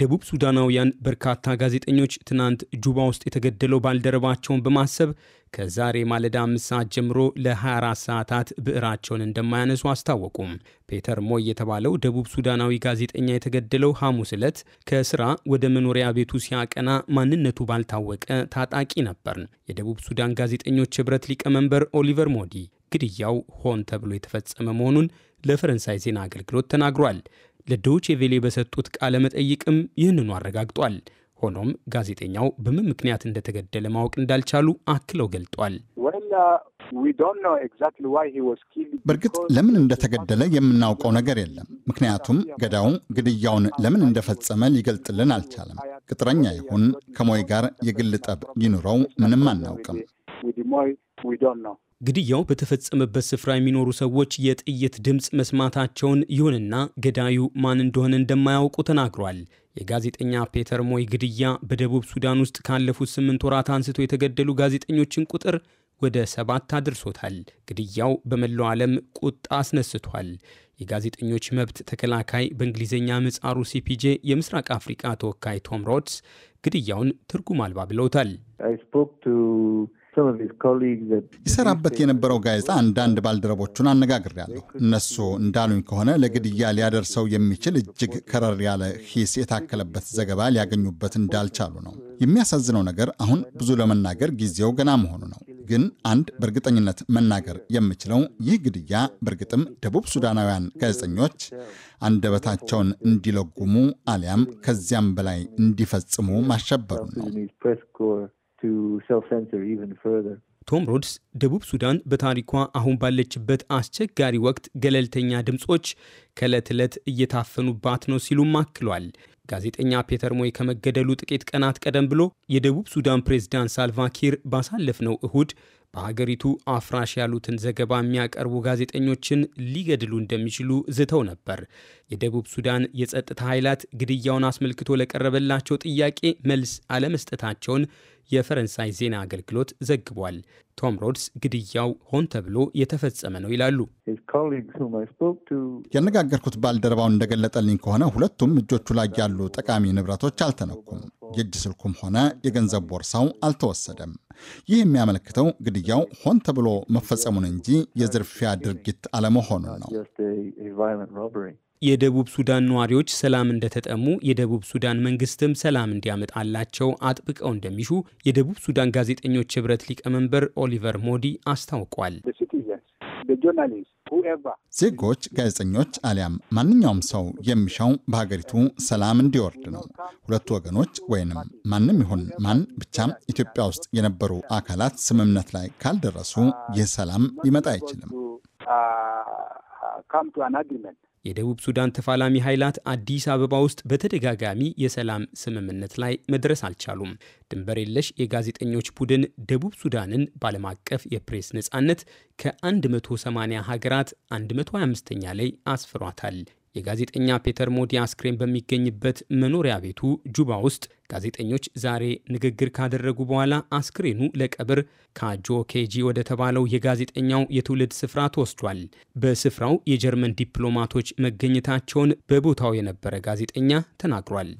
ደቡብ ሱዳናውያን በርካታ ጋዜጠኞች ትናንት ጁባ ውስጥ የተገደለው ባልደረባቸውን በማሰብ ከዛሬ ማለዳ አምስት ሰዓት ጀምሮ ለ24 ሰዓታት ብዕራቸውን እንደማያነሱ አስታወቁም። ፔተር ሞይ የተባለው ደቡብ ሱዳናዊ ጋዜጠኛ የተገደለው ሐሙስ ዕለት ከስራ ወደ መኖሪያ ቤቱ ሲያቀና ማንነቱ ባልታወቀ ታጣቂ ነበር። የደቡብ ሱዳን ጋዜጠኞች ኅብረት ሊቀመንበር ኦሊቨር ሞዲ ግድያው ሆን ተብሎ የተፈጸመ መሆኑን ለፈረንሳይ ዜና አገልግሎት ተናግሯል። ለዶቼ ቬሌ በሰጡት ቃለ መጠይቅም ይህንኑ አረጋግጧል። ሆኖም ጋዜጠኛው በምን ምክንያት እንደተገደለ ማወቅ እንዳልቻሉ አክለው ገልጧል። በእርግጥ ለምን እንደተገደለ የምናውቀው ነገር የለም። ምክንያቱም ገዳው ግድያውን ለምን እንደፈጸመ ሊገልጥልን አልቻለም። ቅጥረኛ ይሁን ከሞይ ጋር የግል ጠብ ይኑረው ምንም አናውቅም። ግድያው በተፈጸመበት ስፍራ የሚኖሩ ሰዎች የጥይት ድምፅ መስማታቸውን፣ ይሁንና ገዳዩ ማን እንደሆነ እንደማያውቁ ተናግሯል። የጋዜጠኛ ፔተር ሞይ ግድያ በደቡብ ሱዳን ውስጥ ካለፉት ስምንት ወራት አንስቶ የተገደሉ ጋዜጠኞችን ቁጥር ወደ ሰባት አድርሶታል። ግድያው በመላው ዓለም ቁጣ አስነስቷል። የጋዜጠኞች መብት ተከላካይ በእንግሊዝኛ ምጻሩ ሲፒጄ የምስራቅ አፍሪቃ ተወካይ ቶም ሮድስ ግድያውን ትርጉም አልባ ብለውታል። ይሰራበት የነበረው ጋዜጣ አንዳንድ ባልደረቦቹን አነጋግሬያለሁ። እነሱ እንዳሉኝ ከሆነ ለግድያ ሊያደርሰው የሚችል እጅግ ከረር ያለ ሂስ የታከለበት ዘገባ ሊያገኙበት እንዳልቻሉ ነው። የሚያሳዝነው ነገር አሁን ብዙ ለመናገር ጊዜው ገና መሆኑ ነው። ግን አንድ በእርግጠኝነት መናገር የምችለው ይህ ግድያ በእርግጥም ደቡብ ሱዳናውያን ጋዜጠኞች አንደበታቸውን እንዲለጉሙ አሊያም ከዚያም በላይ እንዲፈጽሙ ማሸበሩን ነው። ቶም ሮድስ ደቡብ ሱዳን በታሪኳ አሁን ባለችበት አስቸጋሪ ወቅት ገለልተኛ ድምፆች ከዕለት ዕለት እየታፈኑባት ነው ሲሉም አክሏል። ጋዜጠኛ ፔተር ሞይ ከመገደሉ ጥቂት ቀናት ቀደም ብሎ የደቡብ ሱዳን ፕሬዝዳንት ሳልቫኪር ባሳለፍነው እሁድ በሀገሪቱ አፍራሽ ያሉትን ዘገባ የሚያቀርቡ ጋዜጠኞችን ሊገድሉ እንደሚችሉ ዝተው ነበር። የደቡብ ሱዳን የጸጥታ ኃይላት ግድያውን አስመልክቶ ለቀረበላቸው ጥያቄ መልስ አለመስጠታቸውን የፈረንሳይ ዜና አገልግሎት ዘግቧል። ቶም ሮድስ ግድያው ሆን ተብሎ የተፈጸመ ነው ይላሉ። ያነጋገርኩት ባልደረባው እንደገለጠልኝ ከሆነ ሁለቱም እጆቹ ላይ ያሉ ጠቃሚ ንብረቶች አልተነኩም። የእጅ ስልኩም ሆነ የገንዘብ ቦርሳው አልተወሰደም። ይህ የሚያመለክተው ግድያው ሆን ተብሎ መፈጸሙን እንጂ የዝርፊያ ድርጊት አለመሆኑን ነው። የደቡብ ሱዳን ነዋሪዎች ሰላም እንደተጠሙ የደቡብ ሱዳን መንግስትም ሰላም እንዲያመጣላቸው አጥብቀው እንደሚሹ የደቡብ ሱዳን ጋዜጠኞች ህብረት ሊቀመንበር ኦሊቨር ሞዲ አስታውቋል። ዜጎች፣ ጋዜጠኞች አሊያም ማንኛውም ሰው የሚሻው በሀገሪቱ ሰላም እንዲወርድ ነው። ሁለቱ ወገኖች ወይንም ማንም ይሁን ማን ብቻም ኢትዮጵያ ውስጥ የነበሩ አካላት ስምምነት ላይ ካልደረሱ ይህ ሰላም ሊመጣ አይችልም። የደቡብ ሱዳን ተፋላሚ ኃይላት አዲስ አበባ ውስጥ በተደጋጋሚ የሰላም ስምምነት ላይ መድረስ አልቻሉም። ድንበር የለሽ የጋዜጠኞች ቡድን ደቡብ ሱዳንን በዓለም አቀፍ የፕሬስ ነጻነት ከ180 ሀገራት 125ኛ ላይ አስፍሯታል። የጋዜጠኛ ፔተር ሞዲ አስክሬን በሚገኝበት መኖሪያ ቤቱ ጁባ ውስጥ ጋዜጠኞች ዛሬ ንግግር ካደረጉ በኋላ አስክሬኑ ለቀብር ካጆ ኬጂ ወደ ተባለው የጋዜጠኛው የትውልድ ስፍራ ተወስዷል። በስፍራው የጀርመን ዲፕሎማቶች መገኘታቸውን በቦታው የነበረ ጋዜጠኛ ተናግሯል።